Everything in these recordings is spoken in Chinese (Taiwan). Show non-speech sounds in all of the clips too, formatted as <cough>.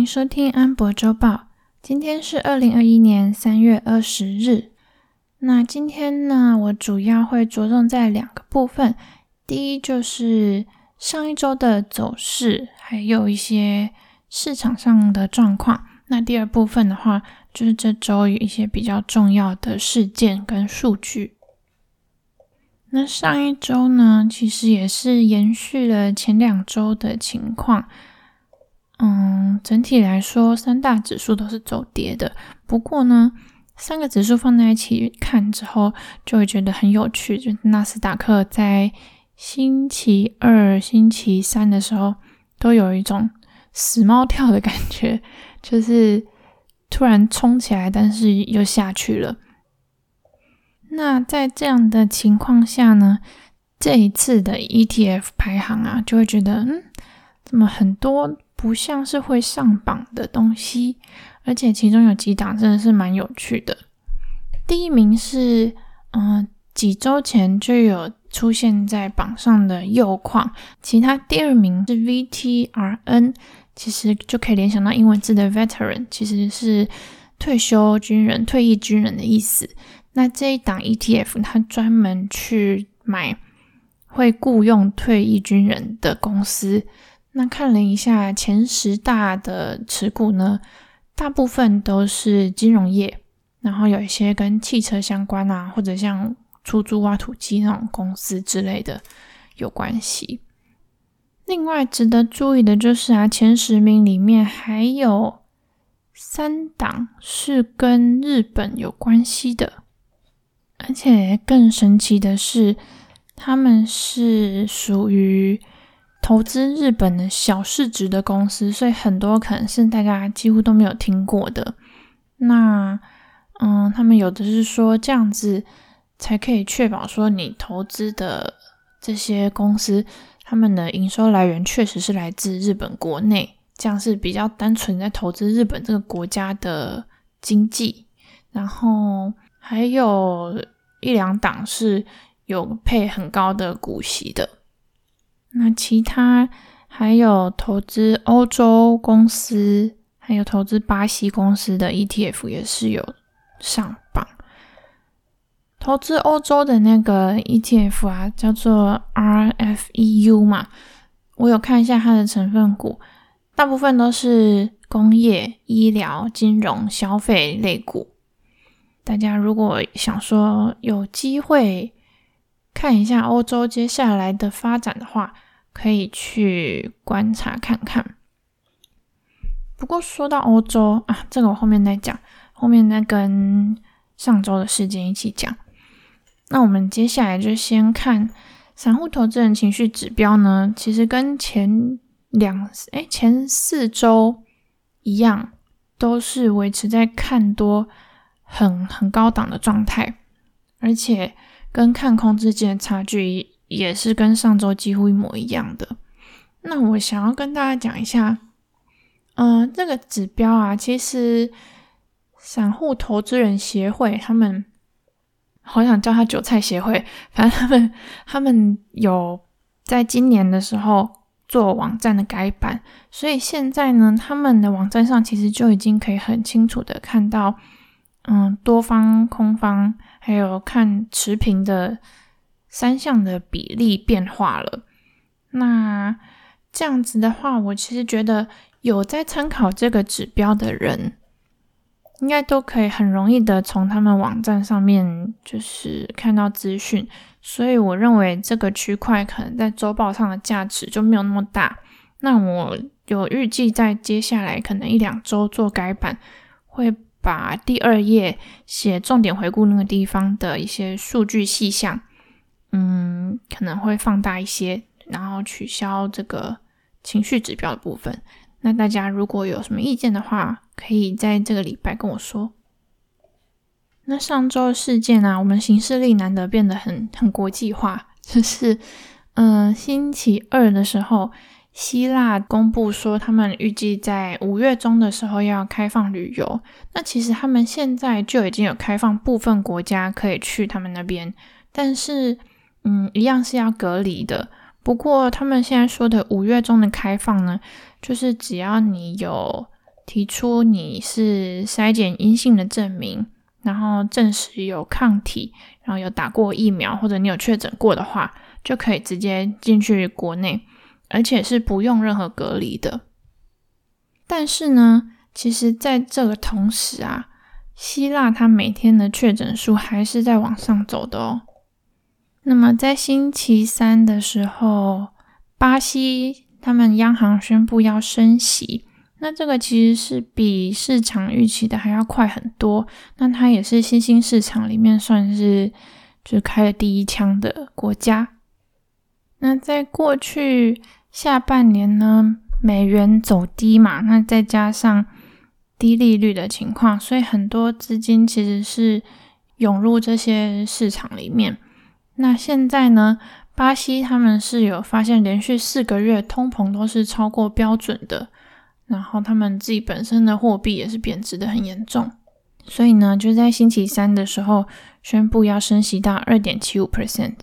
歡迎收聽安博週報，今天是二零二一年三月二十日。那今天呢，我主要會着重在兩個部分。第一就是上一週的走勢，還有一些市場上的狀況。那第二部分的話，就是這週有一些比較重要的事件跟數據。那上一週呢，其實也是延續了前兩週的情況。嗯，整體來說，三大指數都是走跌的。不過呢，三個指數放在一起看之後，就會覺得很有趣。就納斯達克在星期二、星期三的時候，都有一種死貓跳的感覺，就是突然衝起來，但是又下去了。那在這樣的情況下呢，這一次的 ETF 排行啊，就會覺得，嗯，怎麼很多不像是會上榜的東西，而且其中有幾檔真的是蠻有趣的。第一名是，嗯、呃，幾周前就有出現在榜上的鈾礦。其他第二名是 V T R N，其實就可以聯想到英文字的 veteran，其實是退休軍人、退役軍人的意思。那這一檔 E T F 它專門去買會僱傭退役軍人的公司。那看了一下前十大的持股呢，大部分都是金融業，然後有一些跟汽車相關啊，或者像出租挖土機那種公司之類的有關係。另外值得注意的就是啊，前十名裡面還有三檔是跟日本有關係的，而且更神奇的是，他們是屬於。投資日本的小市值的公司，所以很多可能是大家幾乎都沒有聽過的。那，嗯，他們有的是說這樣子才可以確保說你投資的這些公司，他們的營收來源確實是來自日本國內，這樣是比較單純在投資日本這個國家的經濟。然後，還有一兩檔是有配很高的股息的。那其他還有投資歐洲公司，還有投資巴西公司的 ETF 也是有上榜。投資歐洲的那個 ETF 啊，叫做 RFEU 嘛，我有看一下它的成分股，大部分都是工業、醫療、金融、消費類股。大家如果想說有機會。看一下歐洲接下來的發展的話，可以去觀察看看。不過說到歐洲啊，這個我後面再講，後面再跟上週的事件一起講。那我們接下來就先看散戶投資人情緒指標呢，其實跟前兩哎、欸、前四週一樣，都是維持在看多很很高檔的狀態，而且。跟看空之間的差距也是跟上周幾乎一模一樣的。那我想要跟大家講一下，嗯、呃，這個指標啊，其實散戶投資人協會，他們好想叫他韭菜協會，反正他們他們有在今年的時候做網站的改版，所以現在呢，他們的網站上其實就已經可以很清楚的看到。嗯，多方空方還有看持平的三項的比例變化了。那這樣子的話，我其實覺得有在參考這個指標的人，應該都可以很容易的從他們網站上面就是看到資訊。所以我認為這個區塊可能在週報上的價值就沒有那麼大。那我有預計在接下來可能一兩週做改版會。把第二頁寫重點回顧那個地方的一些數據細項，嗯，可能會放大一些，然後取消這個情緒指標的部分。那大家如果有什麼意見的話，可以在這個禮拜跟我說。那上周事件呢、啊，我們行事曆難得變得很很國際化，就是嗯、呃，星期二的時候。希臘公布說，他們預計在五月中的時候要開放旅遊。那其實他們現在就已經有開放部分國家可以去他們那邊，但是，嗯，一樣是要隔離的。不過他們現在說的五月中的開放呢，就是只要你有提出你是篩檢陰性的證明，然後證實有抗體，然後有打過疫苗或者你有確診過的話，就可以直接進去國內。而且是不用任何隔離的，但是呢，其實在這個同時啊，希臘它每天的確診數還是在往上走的哦。那麼在星期三的時候，巴西他們央行宣布要升息，那這個其實是比市場預期的還要快很多。那它也是新興市場裡面算是就是開了第一槍的國家。那在過去。下半年呢，美元走低嘛，那再加上低利率的情況，所以很多資金其實是湧入這些市場裡面。那現在呢，巴西他們是有發現連續四個月通膨都是超過標準的，然後他們自己本身的貨幣也是貶值的很嚴重，所以呢，就在星期三的時候宣布要升息到二點七五 percent。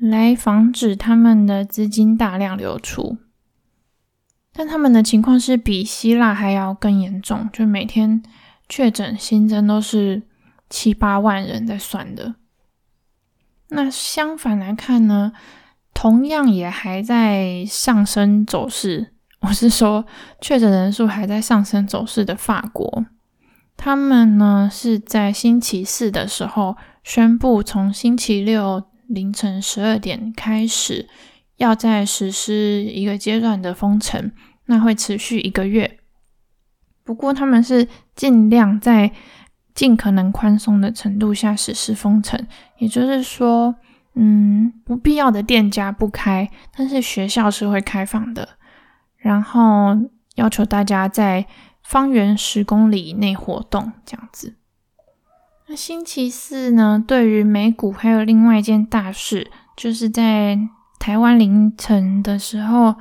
來防止他們的資金大量流出，但他們的情況是比希臘還要更嚴重，就每天確診新增都是七八萬人在算的。那相反來看呢，同樣也還在上升走勢，我是說確診人數還在上升走勢的法國，他們呢是在星期四的時候宣布從星期六。凌晨十二點開始，要再實施一個階段的封城，那會持續一個月。不過他們是盡量在盡可能寬鬆的程度下實施封城，也就是說，嗯，不必要的店家不開，但是學校是會開放的，然後要求大家在方圓十公里內活動，這樣子。那星期四呢，對於美股還有另外一件大事，就是在台灣凌晨的時候，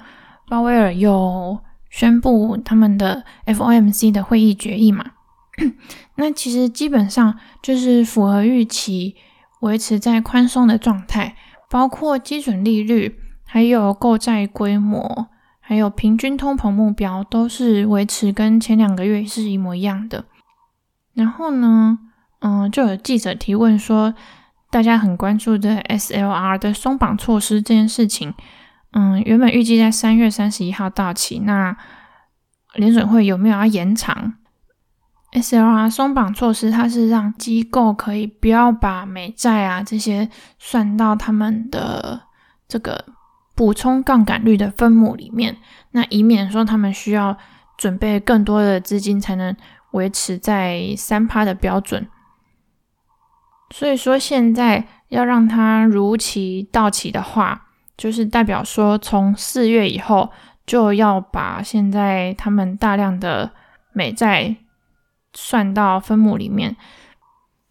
鮑威爾有宣布他們的 FOMC 的會議決議嘛。 <coughs> 那其實基本上就是符合預期，維持在寬鬆的狀態，包括基準利率，還有購債規模、還有平均通膨目標都是維持跟前兩個月是一模一樣的。然後呢，嗯，就有記者提問說，大家很關注的 SLR 的鬆綁措施這件事情。嗯，原本預計在三月三十一號到期，那聯準會有沒有要延長 SLR 鬆綁措施？它是讓機構可以不要把美債啊這些算到他們的這個補充槓桿率的分母裡面，那以免說他們需要準備更多的資金才能維持在三趴的標準。所以說，現在要讓它如期到期的話，就是代表說，從四月以後就要把現在他們大量的美債算到分母裡面。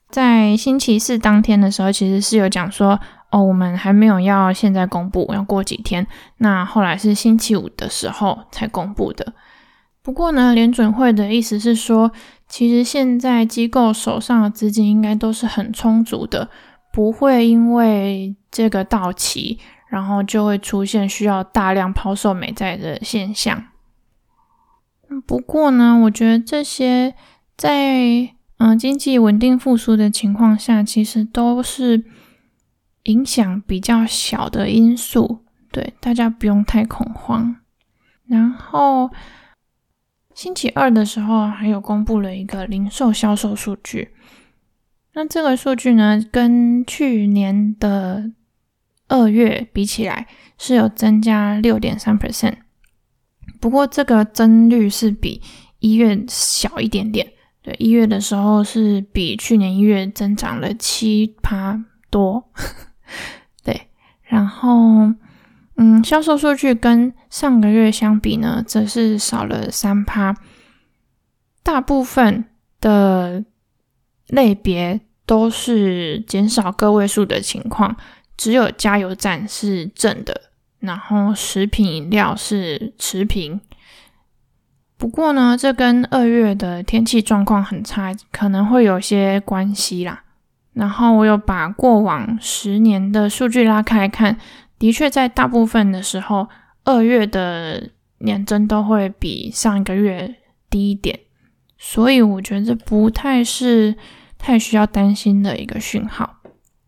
在星期四當天的時候，其實是有講說，哦，我們還沒有要現在公布，要過幾天。那後來是星期五的時候才公布的。不過呢，聯準會的意思是說，其實現在機構手上的資金應該都是很充足的，不會因為這個到期，然後就會出現需要大量拋售美債的現象。不過呢，我覺得這些在嗯、呃、經濟穩定復甦的情況下，其實都是影響比較小的因素，對，大家不用太恐慌。然後。星期二的時候，還有公布了一個零售銷售數據。那這個數據呢，跟去年的二月比起來，是有增加六點三 percent。不過這個增率是比一月小一點點。對，一月的時候是比去年一月增長了七趴多。 <laughs> 對，然後。嗯，銷售數據跟上個月相比呢，則是少了三趴，大部分的類別都是減少個位數的情況，只有加油站是正的，然後食品飲料是持平。不過呢，這跟二月的天氣狀況很差，可能會有些關係啦。然後我有把過往十年的數據拉開看。的確，在大部分的時候，二月的年增都會比上一個月低一點，所以我覺得這不太是太需要擔心的一個訊號。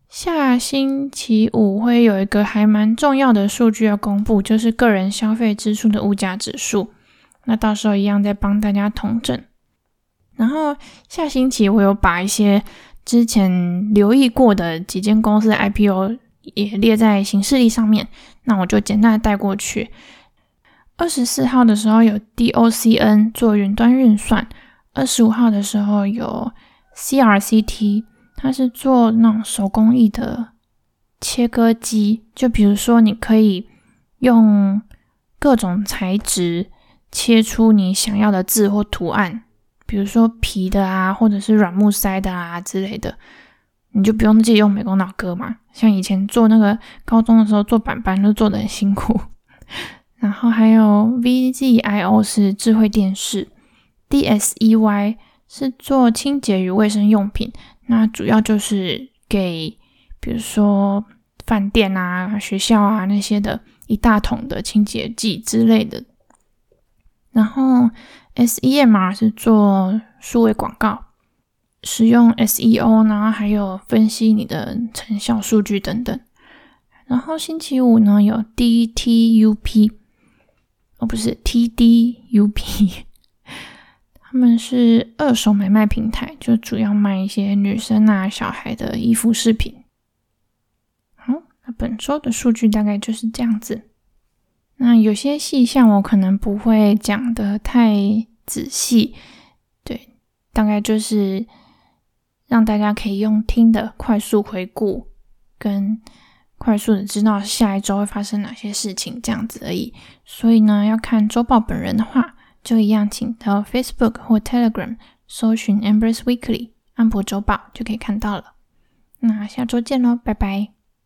下星期五會有一個還蠻重要的數據要公布，就是個人消費支出的物價指數。那到時候一樣再幫大家統整。然後下星期我有把一些之前留意過的幾間公司的 IPO 也列在行事曆上面，那我就簡單的帶過去。二十四號的時候有 DOCN 做雲端運算，二十五號的時候有 CRCT，它是做那種手工藝的切割機，就比如說你可以用各種材質切出你想要的字或圖案，比如說皮的啊，或者是軟木塞的啊之類的。你就不用自己用美工刀割嘛，像以前做那個高中的時候做板板都做得很辛苦。 <laughs> 然後還有 V Z I O 是智慧電視，D S E Y 是做清潔與衛生用品，那主要就是給比如說飯店啊、學校啊那些的一大桶的清潔劑之類的。然後 S E M R 是做數位廣告。使用 SEO，然後還有分析你的成效數據等等。然後星期五呢，有 DTUP 哦，oh, 不是 TDUP <laughs> 他們是二手買賣平台，就主要賣一些女生啊、小孩的衣服、飾品。好，那本周的數據大概就是這樣子。那有些細項我可能不會講的太仔細，對，大概就是。讓大家可以用聽的快速回顧，跟快速的知道下一周會發生哪些事情，這樣子而已。所以呢，要看周報本人的話，就一樣，請到 Facebook 或 Telegram 搜尋 Amber's Weekly 安博周報，就可以看到了。那下周見嘍，拜拜。